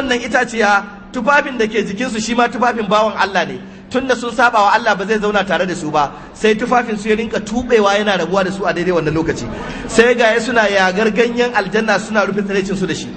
wannan itaciya tufafin da ke jikinsu shi ma tufafin bawan Allah ne tunda sun saba wa Allah ba zai zauna tare da su ba sai tufafin su ya rinka tubewa yana rabuwa da su a daidai wannan lokaci sai gaya suna yagar ganyen aljanna suna rufe tsiraicin su da shi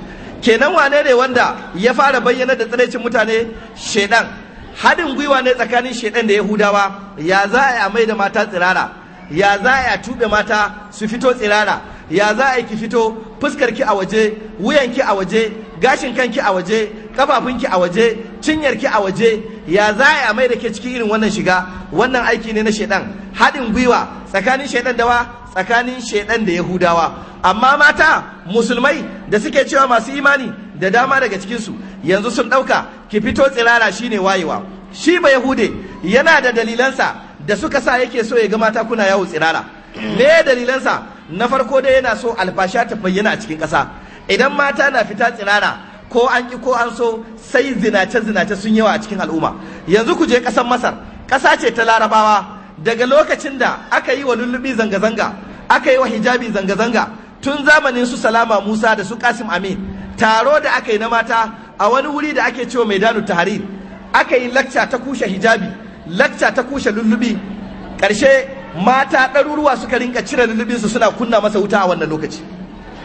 kenan wane ne wanda ya fara bayyana da tsiraicin mutane shedan hadin gwiwa ne tsakanin shedan da yahudawa ya za a mai da mata tsirara ya za a tube mata su fito tsirara ya za a yi ki fito fuskar ki a waje wuyan ki a waje gashin kanki a waje kafafun ki a waje cinyar ki a waje ya za a yi a mai da ke cikin irin wannan shiga wannan aiki ne na shaidan haɗin gwiwa tsakanin shaidan dawa tsakanin shaidan da yahudawa amma mata musulmai da suke cewa masu imani da dama daga cikinsu yanzu sun ɗauka ki fito tsirara shine wayewa shi ba yahude yana da dalilansa da suka sa yake so ya ga mata kuna yawo tsirara me dalilansa na farko dai yana so albasha ta bayyana a cikin ƙasa idan mata na fita tsirara ko an ki ko an so sai zinace zinace sun yawa a cikin al'umma yanzu ku je ƙasar masar ƙasa ce ta larabawa daga lokacin da aka yi wa lullubi zanga-zanga aka yi wa hijabi zanga-zanga tun zamanin su salama musa da su kasim amin taro da aka yi na mata a wani wuri da ake cewa maidanu tahrir aka yi lakca ta kushe hijabi lakca ta kushe lullubi ƙarshe mata ɗaruruwa suka rinka cire lulubinsu suna kunna masa wuta a wannan lokaci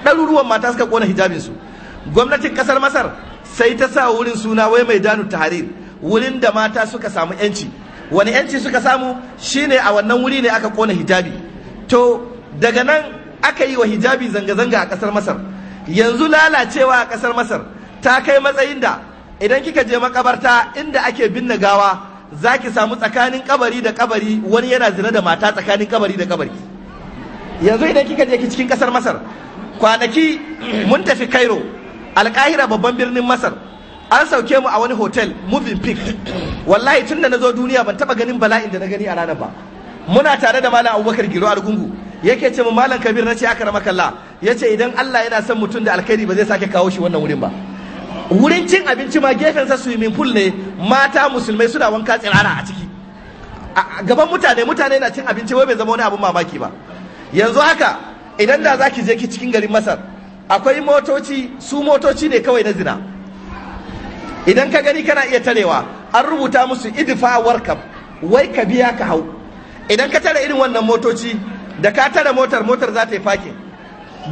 ɗaruruwan mata suka kona hijabinsu gwamnatin ƙasar masar sai ta sa wurin suna wai mai danu tahrir wurin da mata suka samu yanci wani yanci suka samu shine a wannan wuri ne aka kona hijabi to daga nan aka yi wa hijabi zanga-zanga a ƙasar masar yanzu lalacewa a ƙasar masar ta kai matsayin da idan kika je makabarta inda ake binne gawa za ki samu tsakanin kabari da kabari wani yana zina da mata tsakanin kabari da kabari yanzu idan kika je ki cikin kasar masar kwanaki mun tafi cairo alkahira babban birnin masar an sauke mu a wani hotel moving peak wallahi tun da na zo duniya ban taba ganin bala'in da na gani a ranar ba muna tare da malam abubakar giro argungu yake ce mu malam kabir na ce aka rama kalla ya ce idan allah yana son mutum da alkhairi ba zai sake kawo shi wannan wurin ba wurin cin abinci ma gefen sa swimming pool ne mata musulmai suna wanka tsirara a ciki gaban mutane mutane na cin abinci wai bai zama wani abin mamaki ba yanzu haka idan da za ki je ki cikin garin masar akwai motoci su motoci ne kawai na zina idan ka gani kana iya tarewa an rubuta musu idfa warkab wai ka biya ka hau idan ka tare irin wannan motoci da ka tare motar motar za ta yi fakin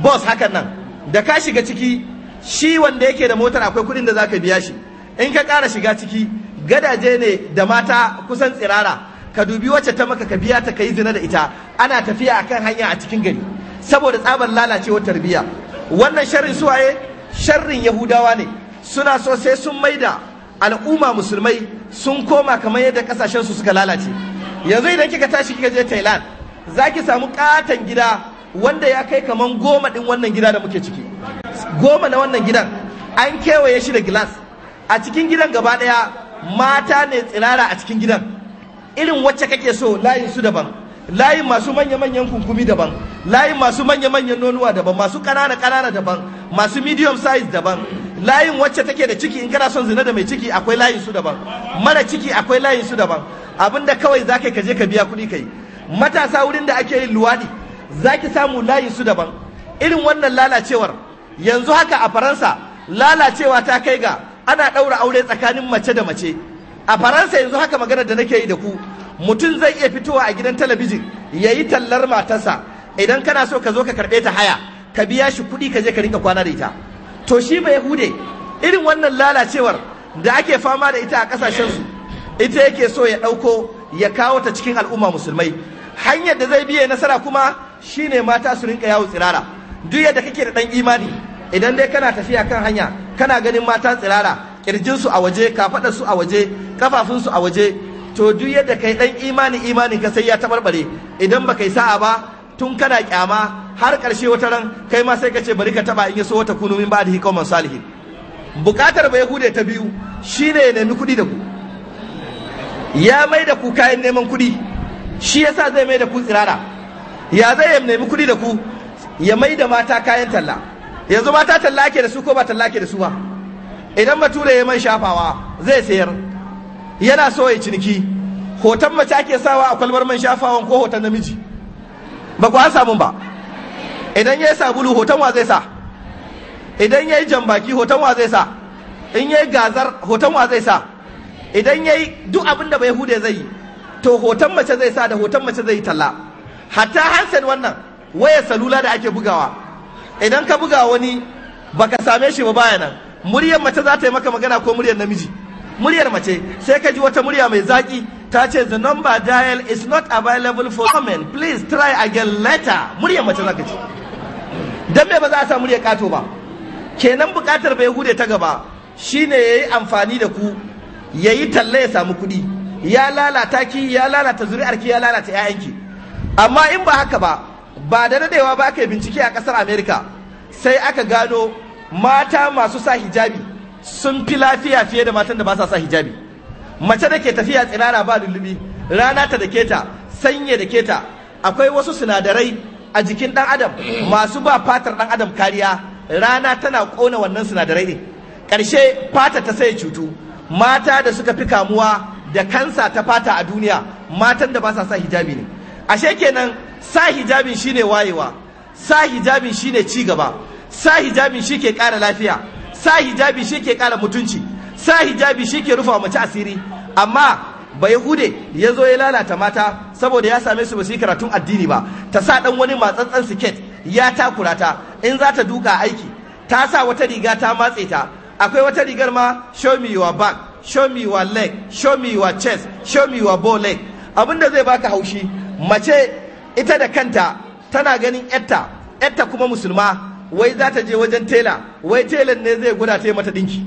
bus hakan nan da ka shiga ciki shi wanda yake da motar akwai kuɗin da zaka biya shi in ka kara shiga ciki gadaje ne da mata kusan tsirara ka dubi wacce ta maka ka biya ta yi zina da ita ana tafiya akan hanya a cikin gari saboda tsabar lalacewar tarbiyya wannan sharrin suwaye sharrin yahudawa ne suna so sai sun maida al'umma musulmai sun koma kamar yadda kasashen su suka lalace yanzu idan kika tashi kika je Thailand zaki samu katon gida wanda ya kai kaman goma din wannan gida da muke ciki goma na wannan gidan an kewaye shi da gilas a cikin gidan gaba daya mata ne tsirara a cikin gidan irin wacce kake so layin su daban layin masu manya-manyan kunkumi daban layin masu manya-manyan nonuwa daban masu ƙanana-ƙanana daban masu medium size daban layin wacce take da ciki in kana son zina da mai ciki akwai layin su daban mara ciki akwai layin su daban abinda kawai za ka je ka biya kuɗi ka yi matasa wurin da ake yin luwaɗi Za ki samu layin su daban irin wannan lalacewar yanzu haka a faransa lalacewa ta kai ga ana ɗaura aure tsakanin mace da mace a faransa yanzu haka magana da nake yi da ku mutum zai iya fitowa a gidan talabijin ya yi tallar matarsa idan kana so ka zo ka karɓe ta haya ka biya shi kuɗi ka je ka rinka kwana da ita to shi bai hude. irin wannan lalacewar da ake fama da ita a ƙasashen su ita yake so ya ɗauko ya kawo ta cikin al'umma musulmai hanyar da zai biye nasara kuma shine mata su rinka yawo tsirara duk yadda kake da dan imani idan dai kana tafiya kan hanya kana ganin mata tsirara kirjin su a waje kafadar su a waje kafafun su a waje to duk yadda kai dan imani imanin ka sai ya tabarbare idan baka yi sa'a ba tun kana kyama har karshe wata ran kai ma sai ka ce bari ka taba in so wata kunu min ba'dihi qauman salihin bukatar bai hude ta biyu shine ya nemi kuɗi da ku ya mai da ku kayan neman kuɗi shi yasa zai mai da ku tsirara ya zai ya nemi kuɗi da ku ya mai da mata kayan talla yanzu mata talla ke da su ko ba talla ke da su ba idan bature ya man shafawa zai sayar yana so ya ciniki hoton mace ake sawa a kwalbar man shafawan ko hoton namiji ba ku an samu ba idan ya yi sabulu hoton wa zai sa idan ya yi jambaki hoton wa zai sa in ya yi gazar hoton wa zai sa idan ya yi duk abin da bai hude zai yi to hoton mace zai sa da hoton mace zai yi talla hatta handset wannan waya salula da ake bugawa idan ka buga wani baka same shi ba baya nan muryar mace za ta yi maka magana ko muryar namiji muryar mace sai ka ji wata murya mai zaki ta ce the number dial is not available for women please try again later muryar mace za ka ce dan me ba za a sa muryar kato ba kenan bukatar bai hude ta gaba shine yayi amfani da ku yayi talle ya samu kuɗi ya lalata ki ya lalata zuri'ar ki, ya lalata ki. amma in ba haka ba ba da dadewa ba aka yi bincike a kasar america sai aka gano mata masu sa hijabi sun fi lafiya fiye da matan da ba sa sa hijabi mace da ke tafiya tsirara ba lullubi rana ta da keta sanye da keta akwai wasu sinadarai a jikin dan adam masu ba fatar dan adam kariya rana tana kona wannan sinadarai ne ƙarshe fata ta sai cutu mata da suka fi kamuwa da kansa ta fata a duniya matan da ba sa sa hijabi ne ashe kenan sa hijabin shine wayewa sa hijabin shine ci gaba sa hijabin shi ke ƙara lafiya sa hijabi shi ke ƙara mutunci sa hijabi shi ke rufa mace asiri amma ba hude ya zo ya lalata mata saboda ya same su ba su yi karatun addini ba ta sa ɗan wani matsantsan siket ya takura ta in za ta duka aiki ta sa wata riga ta matse ta akwai wata rigar ma show me your back show me your leg show me your chest show me your bow leg abinda zai baka haushi mace ita da kanta tana ganin yatta yatta kuma musulma wai za ta je wajen tela wai telan ne zai guda ta mata dinki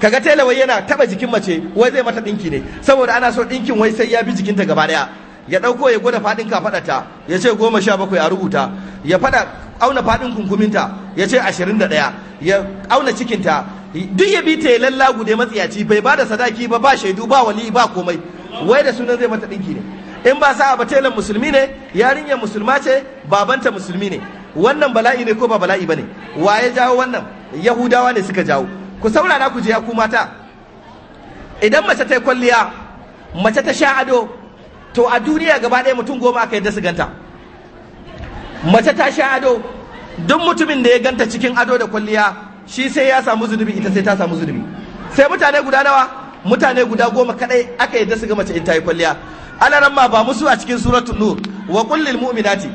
kaga tela wai yana taba jikin mace wai zai mata dinki ne saboda ana so dinkin wai sai ya bi jikinta gaba daya ya dauko ya gwada fadin kafadarta ya ce goma sha bakwai a rubuta ya fada auna fadin kunkuminta ya ce ashirin da ɗaya ya auna cikinta duk ya bi ta ya da matsiyaci bai ba da sadaki ba ba shaidu ba wali ba komai wai da sunan zai mata dinki ne in ba sa'a ba telan musulmi ne yarinyar musulma ce babanta musulmi ne wannan bala'i ne ko ba bala'i ba ne? wa ya jawo wannan yahudawa ne suka jawo ku saurara ku je ya ku mata idan mace ta yi kwalliya mace ta sha ado to a duniya gaba ɗaya mutum goma aka yadda su ganta mace ta sha ado duk mutumin da ya ganta cikin ado da kwalliya shi sai ya samu zunubi ita sai ta samu zunubi sai mutane guda nawa mutane guda goma kadai aka yadda su ga mace in ta yi kwalliya Ana ma ba musu a cikin suratul nur wa qul lil mu'minati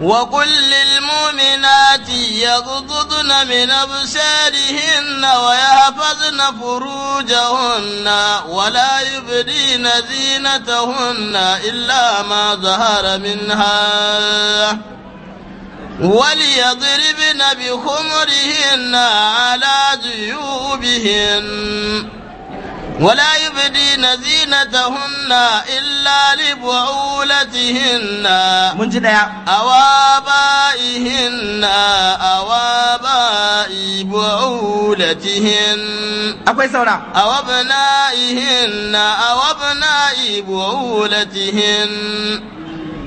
wa qul lil mu'minati yaghudduna min absarihinna wa yahfazna furujahunna wa la yubdina zinatahunna illa ma zahara minha وليضربن بخمرهن على جيوبهن ولا يبدين زينتهن إلا لبعولتهن من جدا أو آبائهن أو آباء بعولتهن أكوي سورة أو أبنائهن أو أبناء بعولتهن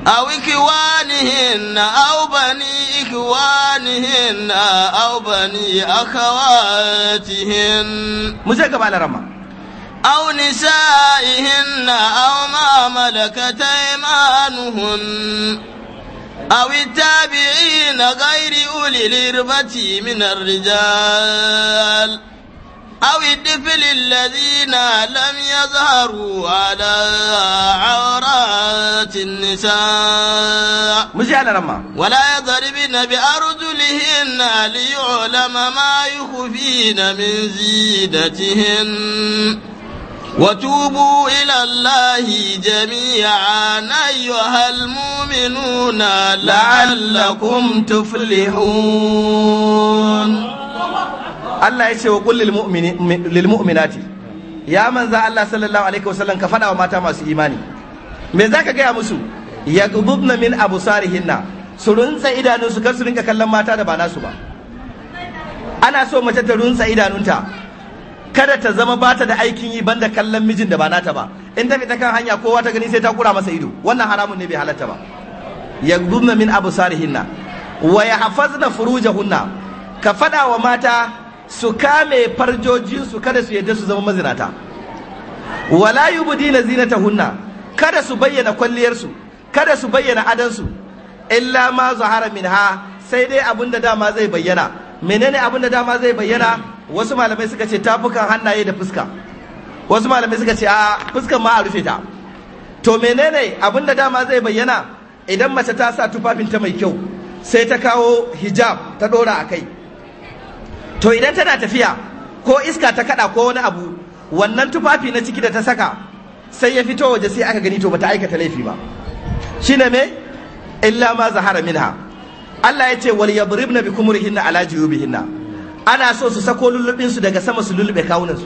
أو إخوانهن أو بني إخوانهن أو بني أخواتهن مزيكا بالرمى أو نسائهن أو ما ملكت أيمانهن أو التابعين غير أولي الإربة من الرجال أو الطفل الذين لم يظهروا على عورات النساء ولا يضربن بأرجلهن ليعلم ما يخفين من زينتهن وتوبوا إلى الله جميعا أيها المؤمنون لعلكم تفلحون Allah ya ce wa kullil lil mu'minati ya manza Allah sallallahu alaihi wasallam ka fada wa mata masu imani me zaka gaya musu yaghdubna min absarihinna su runtsa idanunsu kar su rinka kallon mata da ba nasu ba ana so mace ta runtsa idanunta kada ta zama ba ta da aikin yi banda kallon mijin da ba nata ba in ta fita kan hanya kowa ta gani sai ta kura masa ido wannan haramun ne bai halatta ba yaghdunna min absarihinna wa yahfazna furujahunna ka fada wa mata su kame farjojin su kada su yadda su zama mazinata wala yubdina zinatahunna kada su bayyana kwalliyarsu, kada su bayyana adan su illa ma zahara minha sai dai abinda dama zai bayyana menene abinda dama zai bayyana wasu malamai suka ce tafukan hannaye da fuska wasu malamai suka ce a fuskan ma a rufe ta to menene abin da dama zai bayyana idan mace ta sa tufafinta mai kyau sai ta kawo hijab ta dora a kai to idan tana tafiya ko iska ta kada ko wani abu wannan tufafi na ciki da ta saka sai ya fito waje sai aka gani to bata aikata laifi ba shine me illa ma zahara minha Allah ya ce wal yadribna bikumurihinna ala juyubihinna ana so su sako lullubinsu daga sama su lullube kawunansu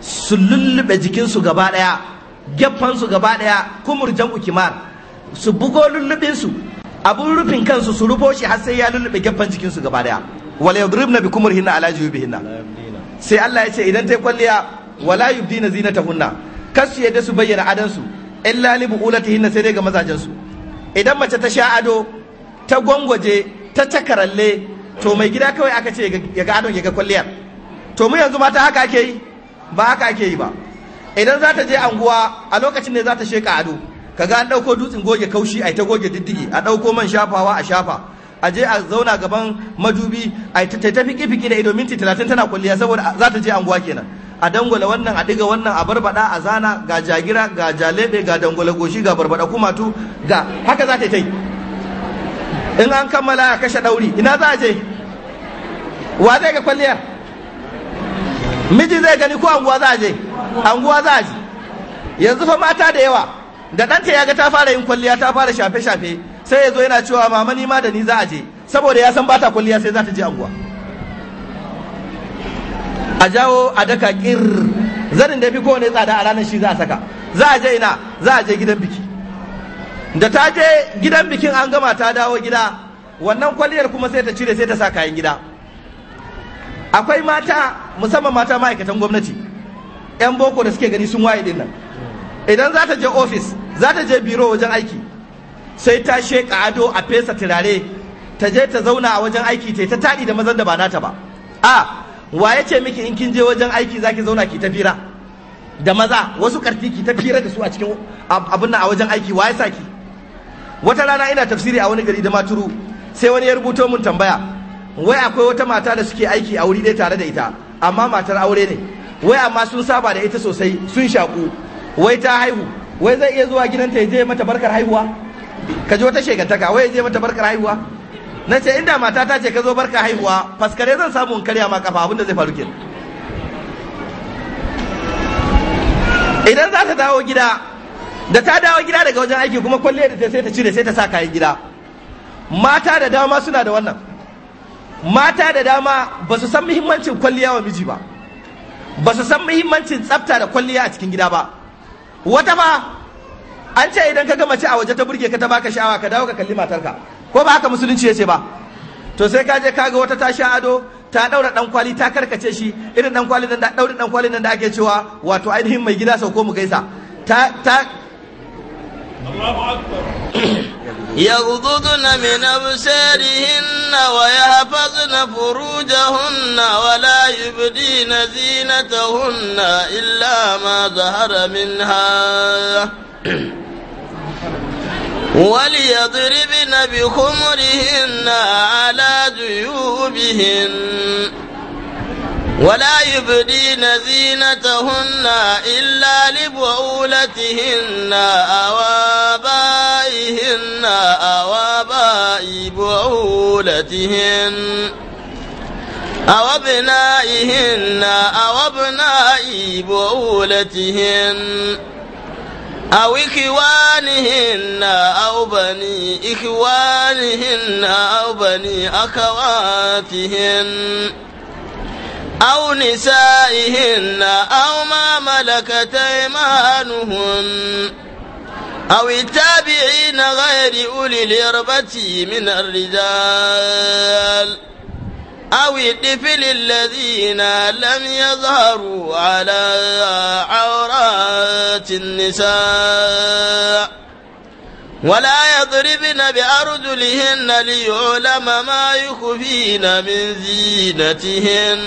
su lullube jikinsu gaba ɗaya geffansu gaba ɗaya kumur jan ukimar, su bugo lullubinsu abun rufin kansu su rufo shi har sai ya lullube geffan jikinsu gaba ɗaya wala yadribna bi kumur kumurhinna ala jubihinna sai Allah ya ce idan ta kwalliya wala yubdina zinatahunna kar su yadda su bayyana adansu ula ta hinna sai dai ga mazajensu idan mace ta sha ado ta gwangwaje ta cakaralle to mai gida kawai aka ce ya ga adon ya ga kwalliyar to mu yanzu mata haka ake yi ba haka ake yi ba idan za ta je anguwa a lokacin ne za ta sheka ado Ka ga an ɗauko dutsen goge kaushi a ta goge diddigi. a ɗauko man shafawa a shafa a je a zauna gaban madubi a ta tafi kifiki da ido minti talatin tana kwalliya saboda za ta je anguwa kenan a dangwala wannan a diga wannan a barbada a zana ga jagira ga jalebe ga dangwala goshi ga barbada kumatu ga haka za ta yi in an kammala a kashe ɗauri ina za a je wa zai ga kwalliyar miji zai gani ko anguwa za a je anguwa za a je yanzu fa mata da yawa da ɗanta ya ga ta fara yin kwalliya ta fara shafe-shafe sai ya zo yana cewa mama ni ma da ni za a je saboda ya san ba ta kwalliya sai za ta je anguwa a jawo a daka kir zanin da fi kowane tsada a ranar shi za a saka za a je ina za a je gidan biki da ta je gidan bikin an gama ta dawo gida wannan kwalliyar kuma sai ta cire sai ta sa kayan gida akwai mata musamman mata ma'aikatan gwamnati 'yan boko da suke gani sun waye din nan idan za ta je ofis za ta je biro wajen aiki sai ta she ado a fesa turare ta je ta zauna a wajen aiki ta taɗi da mazan da ba nata ba a wa ya ce miki in kin je wajen aiki za ki zauna ki ta fira da maza wasu ƙarfi ki ta fira da su a cikin abin nan a wajen aiki wa ya sa ki wata rana ina tafsiri a wani gari da maturu sai wani ya rubuto mun tambaya wai akwai wata mata da suke aiki a wuri ɗaya tare da ita amma matar aure ne wai amma sun saba da ita sosai sun shaku wai ta haihu wai zai iya zuwa gidanta ya je mata barkar haihuwa ka ji wata shegantaka wai ya je mata barkar haihuwa na ce inda mata ta ce ka zo barka haihuwa faskare zan samu in karya ma kafa abinda zai faru kenan idan za ta dawo gida da ta dawo gida daga wajen aiki kuma kwalliya da sai ta cire sai ta sa kayan gida mata da dama suna da wannan mata da dama ba su san muhimmancin kwalliya wa miji ba ba su san muhimmancin tsafta da kwalliya a cikin gida ba wata ba an ce idan ka gama ci a waje ta burge ka ta baka sha'awa ka dawo ka kalli matarka ko ba haka musulunci ya ce ba to sai ka je kaga wata ta sha ado ta daura dan kwali ta karkace shi irin dan kwali nan da daura dan kwali nan da ake cewa wato ainihin mai gida sau ko mu gaisa ta ta الله أكبر يغضضن من أبصارهن ويحفظن فروجهن ولا يبدين زينتهن إلا ما ظهر منها وليضربن بخمرهن على جيوبهن ولا يبدين زينتهن إلا لبعولتهن أو آبائهن أو آباء بعولتهن أو ابنائهن أو ابناء بعولتهن أو إخوانهن أو بني إخوانهن أو بني أخواتهن أو نسائهن أو ما ملكت أيمانهن أو التابعين غير أولي الإربة من الرجال أو الطفل الذين لم يظهروا على عورات النساء ولا يضربن بأرجلهن ليعلم ما يخفين من زينتهن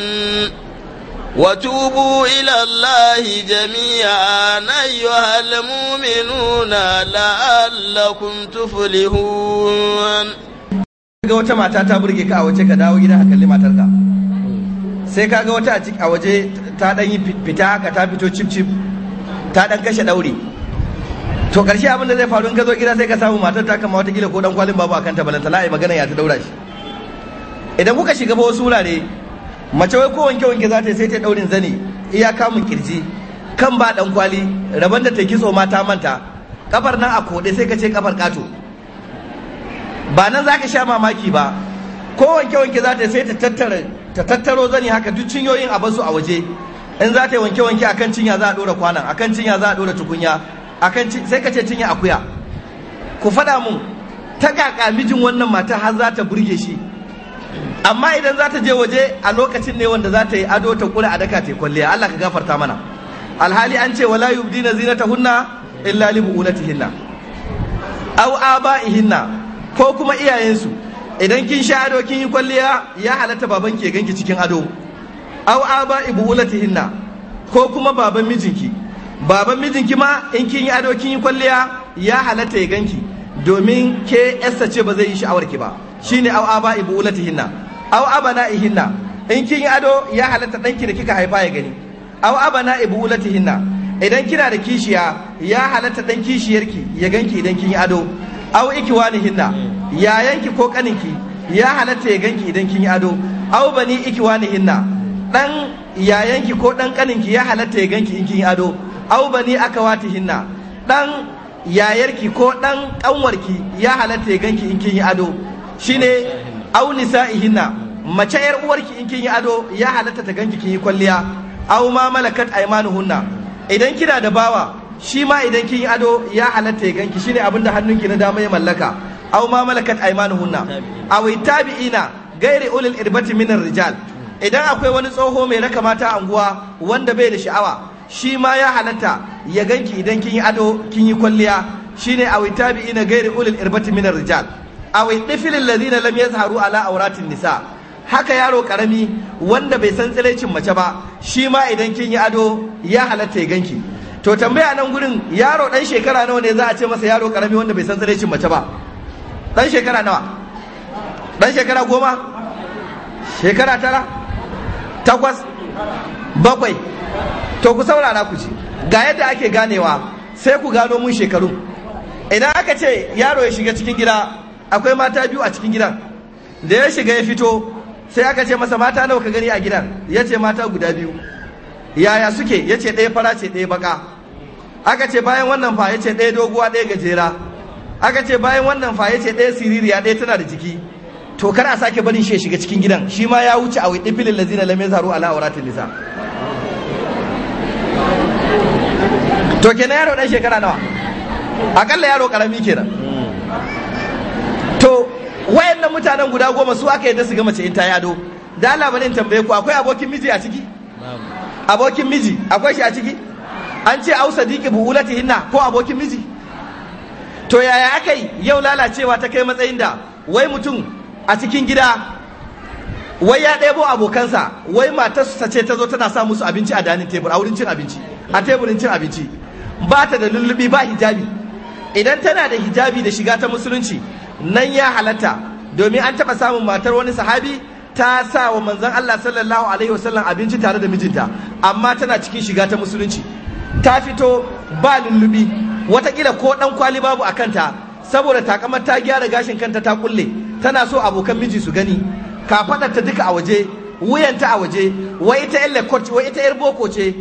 وتوبوا إلى الله جميعا أيها المؤمنون لعلكم تفلحون ga wata mata ta burge ka a waje ka dawo gida ka kalli ka sai ka ga wata a waje ta dan yi fita haka ta fito cip cip ta dan kashe daure to karshe abin da zai faru in ka zo gida sai ka samu matar ta kama wata kila ko dan kwalin babu akan ta balanta la'ayi magana ya ta daura shi idan kuka shiga ba wasu wurare mace wai ko wanke wanke za ta sai ta daurin zani iya kamun kirji kan ba dan kwali raban da ta kitso ma ta manta kafar nan a kode sai ka ce kafar kato ba nan za ka sha mamaki ba ko wanke wanke za ta sai ta ta tattaro zani haka duk cinyoyin a basu a waje in za ta yi wanke wanke akan cinya za a dora kwanan akan cinya za a dora tukunya akan sai ka ce cinye akuya ku faɗa mun ta kaka mijin wannan mata har za ta burge shi amma idan za ta je waje a lokacin ne wanda za ta yi ado ta kula a daka ta kwalliya Allah ka gafarta mana alhali an ce wala yubdina zinatahunna illa li bu'ulatihinna aw aba'ihinna ko kuma iyayensu idan kin sha ado kin yi kwalliya ya halatta baban ki ganki cikin ado aw aba'i bu'ulatihinna ko kuma baban mijinki baban mijinki ma in kin yi ado kin yi kwalliya ya halatta ya ganki domin ke yasta ce ba zai yi sha'awar ki ba shine au aba hinna. au abana ihinna in kin yi ado ya halatta danki da kika haifa ya gani au abana hinna idan kina da kishiya ya halatta dan kishiyarki ya ganki idan kin yi ado au hinna yayanki ko kaninki ya halatta ya ganki idan kin yi ado au bani hinna dan yayanki ko dan kaninki ya halatta ya ganki in kin yi ado au bani hinna ɗan yayarki ko ɗan kanwarki ya halatta ya ganki in kin yi ado shine aw nisaihinna mace yar uwarki in kin yi ado ya halatta ta ganki kin yi kwalliya au ma malakat aymanuhunna idan kina da bawa shi ma idan kin yi ado ya halatta ya ganki shine abinda hannunki na dama ya mallaka au ma malakat aymanuhunna aw tabi'ina gairi ulil irbati minar rijal idan akwai wani tsoho mai raka mata anguwa wanda bai da sha'awa shi ma ya halatta ya ganki idan kin yi ado kin yi kwalliya shine awi na gairi ulil irbati minar rijal awi difilil ladina lam yazharu ala auratin nisa haka yaro karami wanda bai san tsirecin mace ba shi ma idan kin yi ado ya halatta ya ganki to tambaya nan gurin yaro dan shekara nawa ne za a ce masa yaro karami wanda bai san tsirecin mace ba dan shekara nawa dan shekara goma shekara tara takwas bakwai to ku saurara ku ci ga yadda ake ganewa sai ku gano mun shekaru idan aka ce yaro ya shiga cikin gida akwai mata biyu a cikin gidan da ya shiga ya fito sai aka ce masa mata nawa ka gani a gidan ya ce mata guda biyu yaya suke ya ce ɗaya fara ce ɗaya baka aka ce bayan wannan fa ya ce ɗaya doguwa ɗaya gajera aka ce bayan wannan fa ya ce ɗaya siririya ɗaya tana da jiki to kar a sake barin shi ya shiga cikin gidan shi ma ya wuce a wadi filin lazina lamai zaru ala nisa to kenan yaro dan shekara nawa akalla yaro karami kenan to wayannan mutanen guda goma su aka yadda su ga mace in ta yado da Allah bane tambaye ku akwai abokin miji a ciki abokin miji akwai shi a ciki an ce au sadiqi buulatihinna ko abokin miji to yaya aka yau lalacewa ta kai matsayin da wai mutum a cikin gida wai ya ɗebo abokansa wai matarsa ce ta zo tana sa musu abinci a danin tebur a wurin cin abinci a teburin cin abinci ba ta da lullubi ba hijabi idan tana da hijabi da shiga ta musulunci nan ya halatta domin an taɓa samun matar wani sahabi ta sa wa manzon Allah sallallahu alaihi wasallam abinci tare da mijinta amma tana cikin shiga ta musulunci ta fito ba lullubi watakila ko ɗan kwali babu a kanta saboda takamar ta gyara gashin kanta ta kulle tana so abokan miji su gani ta duka a waje wuyanta a waje wai ita yan wai ita yar boko ce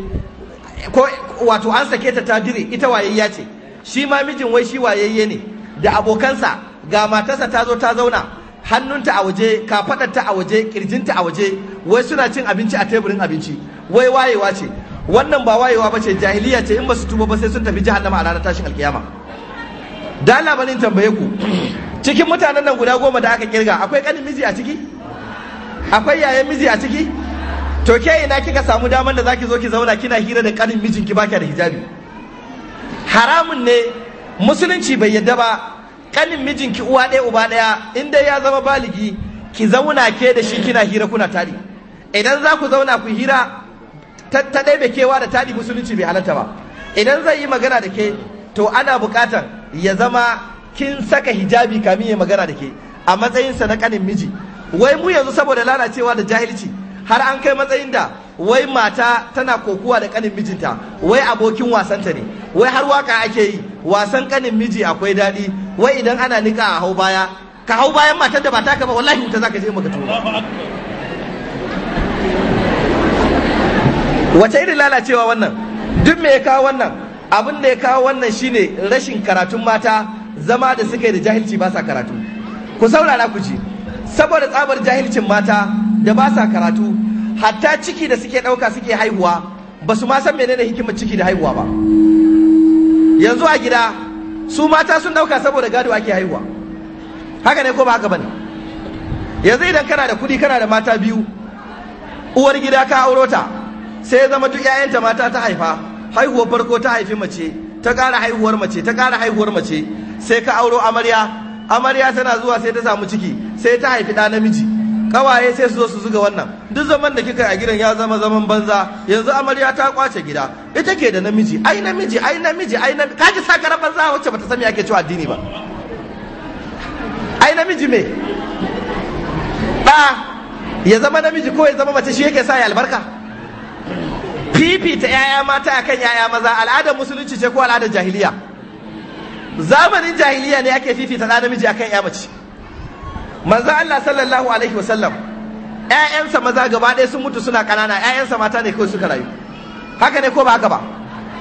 ko wato an sake ta ta dire ita wayayya ce shi ma mijin wai shi wayayye ne da abokansa ga matarsa ta zo ta zauna hannunta a waje kafadarta a waje kirjinta a waje wai suna cin abinci a teburin abinci wai wayewa ce wannan ba wayewa ba ce jahiliya ce in ba su tuba ba sai sun tafi jahannama a ranar tashin alkiyama da labarin tambaye ku cikin mutanen nan guda goma da aka kirga akwai kanin miji a ciki akwai yayan miji a ciki to ke ina kika samu damar da zaki zo ki zauna kina hira da kanin mijinki baka da hijabi haramun ne musulunci bai yadda ba kanin mijinki uwa ɗaya uba ɗaya in dai ya zama baligi ki zauna ke da shi kina hira kuna tari idan za ku zauna ku hira ta ɗaya kewa da tari musulunci bai halatta ba idan zai yi magana da ke to ana buƙatar ya zama kin saka hijabi kamin ya magana da ke a matsayinsa na kanin miji wai mu yanzu saboda lalacewa da jahilci har an kai matsayin da wai mata tana kokuwa da kanin mijinta wai abokin wasanta ne wai har waka ake yi wasan kanin miji akwai daɗi wai idan ana nika a hau baya ka hau bayan matan da ba taka ba wallahi wuta zaka je maka tura wace irin lalacewa wannan duk me ya kawo wannan abin da ya kawo wannan shine rashin karatun mata zama da suke da jahilci ba sa karatu ku saurara ku ji saboda tsabar jahilcin mata da ba sa karatu hatta ciki da suke ɗauka suke haihuwa ba su ma san menene hikimar ciki da haihuwa ba yanzu a gida su mata sun ɗauka saboda gado ake haihuwa haka ne ko ba haka bane yanzu idan kana da kuɗi kana da mata biyu uwar gida ka auro ta sai zama duk 'ya'yanta mata ta haifa haihuwar farko ta haifi mace ta ƙara haihuwar mace ta ƙara haihuwar mace sai ka auro amarya amarya tana zuwa sai ta samu ciki sai ta haifi ɗa namiji kawaye sai su zo su zuga wannan duk zaman da kika a gidan ya zama zaman banza yanzu amarya ta kwace gida ita ke da namiji ai namiji ai namiji ai namiji kaji sakarar banza wacce bata sani ake cewa addini ba ai namiji me ba ya zama namiji ko ya zama mace shi yake sa ya albarka fifita yaya mata akan yaya maza al'adar musulunci ce ko al'adar jahiliya zamanin jahiliya ne ake fifita da namiji akan 'ya'ya mace manzo Allah sallallahu alaihi wasallam ƴaƴansa maza gaba ɗaya sun mutu suna ƙanana ƴaƴansa mata ne kawai suka rayu haka ne ko ba haka ba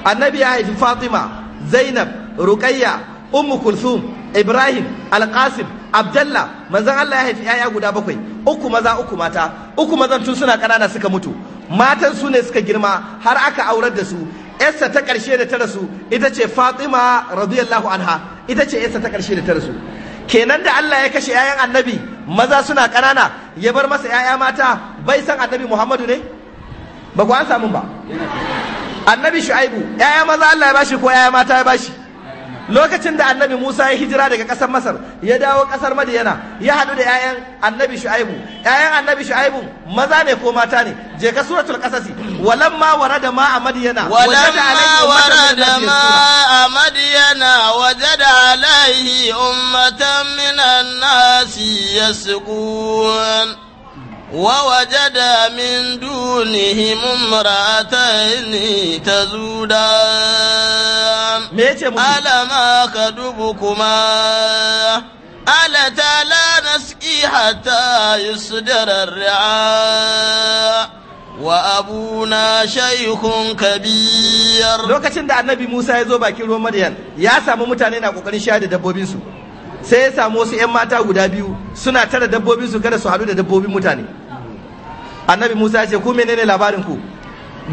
annabi ya haifi fatima zainab ruqayya ummu kulthum ibrahim alqasim Abdullah, manzo Allah ya haifi 'ya'ya guda bakwai uku maza uku mata uku mazan tun suna ƙanana suka mutu matan su ne suka girma har aka aurar da su yarsa ta ƙarshe da ta rasu ita ce fatima radiyallahu anha ita ce Esa ta ƙarshe da ta rasu kenan da Allah ya kashe 'ya'yan annabi maza suna ƙanana ya bar masa 'ya'ya mata bai san annabi Muhammadu ne ba ku an samu ba annabi shu'aibu 'ya'ya maza Allah ya bashi ko 'ya'ya mata ya bashi lokacin da annabi Musa ya hijira daga ƙasar Masar ya dawo ƙasar Madiyana ya haɗu da 'ya'yan annabi Shu'aibu 'ya'yan annabi Shu'aibu maza ne ko mata ne je ka suratul qasasi walamma warada ma a da ma a Madiyana wajada alaihi ummatan minan nasi yasqun Wa waje domin duniya mun murata ne ta zuba, alama ka dubu kuma alatala wa abu na shaikon kabiyar. Lokacin da Annabi Musa ya zo bakin ruwan Maryam, ya samu mutane na ƙoƙarin shaye da dabbobinsu. sai ya samu wasu 'yan mata guda biyu suna tara dabbobin su kada su haɗu da dabbobin mutane annabi musa ya ce ku menene labarin ku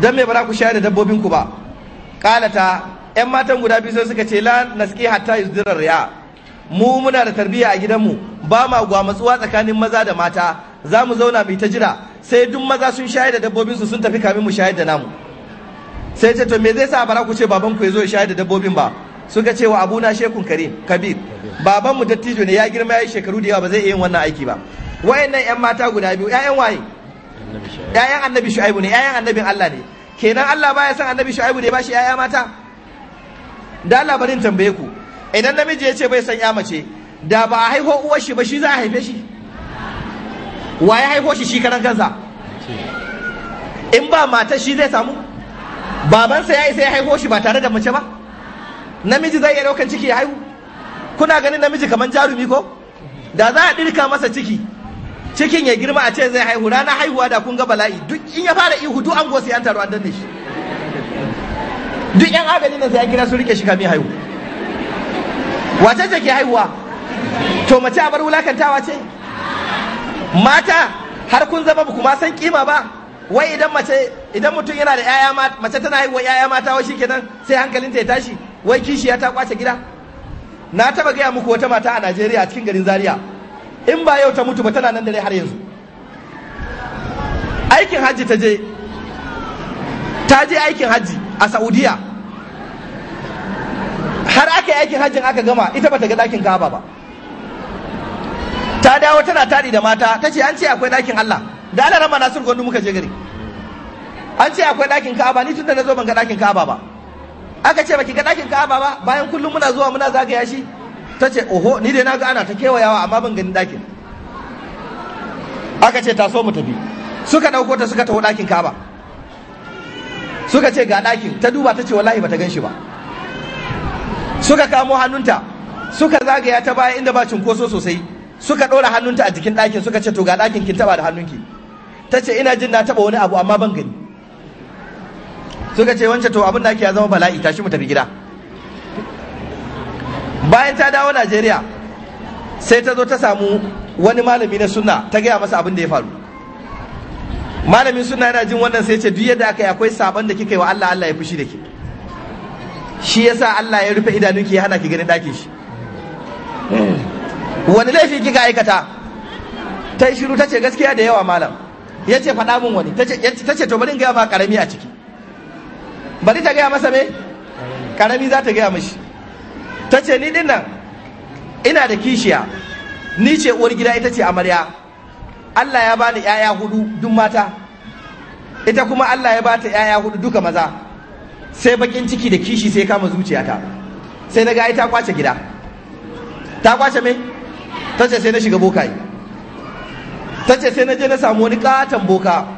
dan me bara ku shayar da dabbobin ku ba kalata 'yan matan guda biyu sai suka ce la naski hatta yusdira ya mu muna da tarbiyya a gidanmu ba ma gwamatsuwa tsakanin maza da mata za mu zauna mai ta jira sai duk maza sun shayar da su sun tafi kamin mu shayar da namu sai ce to me zai sa bara ku ce babanku ya zo ya shayar da dabbobin ba suka ce wa abuna shekun karim kabir babanmu dattijo ne ya girma ya yi shekaru da yawa ba zai iya yin wannan aiki ba wayannan yan mata guda biyu ƴaƴan waye ƴaƴan annabi shu'aibu ne ƴaƴan annabin Allah ne kenan Allah baya san annabi shu'aibu ne ba shi ƴaƴa mata da Allah barin tambaye ku idan namiji ya ce bai san ya mace da ba a haihu uwar shi ba shi za a haife shi wa ya haihu shi shi karan kansa in ba matar shi zai samu babansa ya isa ya haihu shi ba tare da mace ba namiji zai iya ɗaukan ciki ya haihu kuna ganin namiji kamar jarumi ko da za a dirka masa ciki cikin ya girma a ce zai haihu Rana haihuwa da kun ga bala'i duk in ya fara ihu duk an gosi an taro an danne shi duk yan aganin nan sai an kira su rike shi kamin haihu wace ce ke haihuwa to mace a bar wulakantawa ce mata har kun zama ba kuma san kima ba wai idan mace idan mutum yana da yaya mace tana haihuwa yaya mata wai shikenan sai hankalinta ya tashi wai kishiya ta kwace gida na taba gaya muku wata mata a Najeriya a cikin garin Zaria in ba yau ta mutu ba tana nan dare har yanzu aikin hajji ta je ta je aikin hajji a Saudiya har aka yi aikin hajjin aka gama ita bata ga ɗakin Ka'aba ba ta dawo tana tari da mata ta ce an ce akwai ɗakin Allah da Allah rama Nasir Gondo muka je gari an ce akwai ɗakin Ka'aba ni tun da na zo ban ga ɗakin Ka'aba ba aka ce baki ga ɗakin ka'aba ba bayan kullum muna zuwa muna zagaya shi ta ce oho ni dai naga ana ta kewayawa amma ban gani ɗakin aka ce taso mu tafi suka ɗauko ta suka taho ɗakin ka'aba suka ce ga ɗakin ta duba ta ce wallahi bata gan shi ba suka kamo hannunta suka zagaya ta baya inda ba cunkoso sosai suka ɗora hannunta a jikin ɗakin suka ce to ga ɗakin kin taba da hannunki ta ce ina jin na taba wani abu amma ban gani suka ce wancan to abin da ake ya zama bala'i tashi mu tafi gida bayan ta dawo najeriya sai ta zo ta samu wani malami na sunna ta gaya masa abin da ya faru malamin sunna yana jin wannan sai ce duk yadda aka yi akwai saban da kika yi wa allah allah ya fushi da ke shi yasa allah ya rufe idanunki ya hana ki ganin ɗakin shi wani laifi kika aikata ta yi shiru ta ce gaskiya da yawa malam ya ce faɗa min wani ta ce to bari in gaya ma karami a ciki bari ta gaya masa me karami za ta gaya mashi ta ce ni dinnan ina da kishiya ni ce uwar gida ita ce amarya Allah ya bani yaya hudu duk mata ita kuma Allah ya bata yaya hudu duka maza sai bakin ciki da kishi sai kama zuciyata sai na ga ita ta kwace gida ta kwace me ta ce sai na shiga bokaye ta ce sai na je na samu wani katon boka